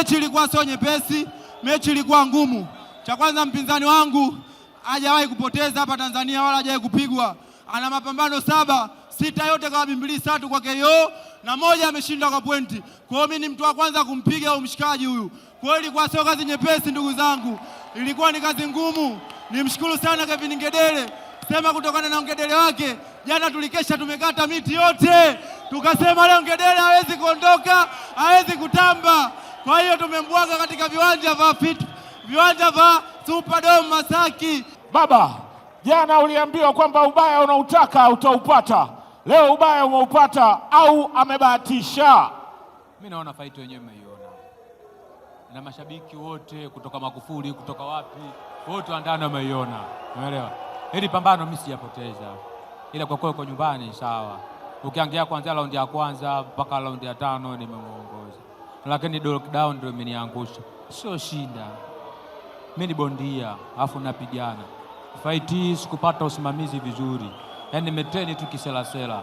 mechi ilikuwa sio nyepesi, mechi ilikuwa ngumu. Cha kwanza mpinzani wangu hajawahi kupoteza hapa Tanzania wala hajawahi kupigwa, ana mapambano saba, sita yote kwa bimbili tatu kwa KO na moja ameshinda kwa pointi. Kwa hiyo mimi ni mtu wa kwanza kumpiga huyu mshikaji huyu. Kwa hiyo ilikuwa sio kazi nyepesi, ndugu zangu, ilikuwa ni kazi ngumu. Nimshukuru sana Kevin Ngedele, sema kutokana na ngedele wake jana tulikesha, tumekata miti yote, tukasema leo Ngedele hawezi kuondoka, hawezi kutamba kwa hiyo tumembwaga katika viwanja vya fit, viwanja vya Superdome Masaki. Baba, jana uliambiwa kwamba ubaya unautaka utaupata, leo ubaya umeupata au amebahatisha? Mimi naona fight wenyewe mmeiona, na mashabiki wote kutoka Magufuli kutoka wapi wote wa ndani wameiona, umeelewa? Hili pambano mimi sijapoteza, ila kwa kweli kwa nyumbani sawa. Ukiangalia kuanzia raundi ya kwanza mpaka raundi ya tano nimemuongoza lakini lockdown ndio imeniangusha. Sio shida, mimi ni bondia afu napigana fight hii. Sikupata usimamizi vizuri, yani nimetreni tu kiselasela.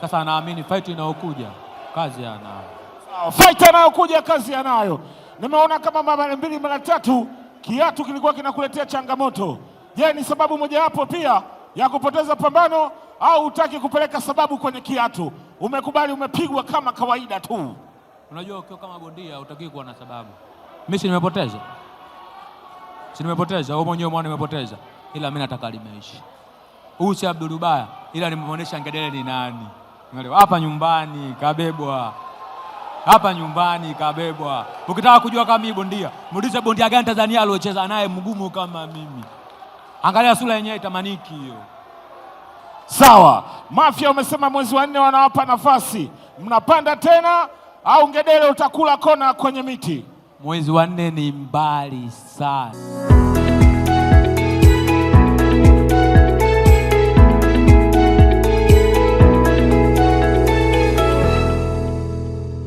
Sasa naamini fight inayokuja kazi anayo. Sawa, fight inayokuja kazi anayo. Nimeona kama mara mbili mara tatu kiatu kilikuwa kinakuletea changamoto. Je, ni sababu mojawapo pia ya kupoteza pambano au hutaki kupeleka sababu kwenye kiatu? Umekubali umepigwa kama kawaida tu. Unajua ukiwa kama bondia hutaki kuwa na sababu. Mimi si nimepoteza, si nimepoteza, wewe mwenyewe mwana nimepoteza, ila mimi nataka limeishi. Huyu si Abdul Baya, ila nimemwonesha ngedele ni nani. Unaelewa? Hapa nyumbani kabebwa, hapa nyumbani kabebwa. Ukitaka kujua kama mimi bondia, muulize bondia gani Tanzania aliocheza naye mgumu kama mimi. Angalia sura yenyewe itamaniki hiyo. Sawa, Mafia umesema mwezi wa nne wanawapa nafasi, mnapanda tena au ngedere utakula kona kwenye miti. Mwezi wa nne ni mbali sana.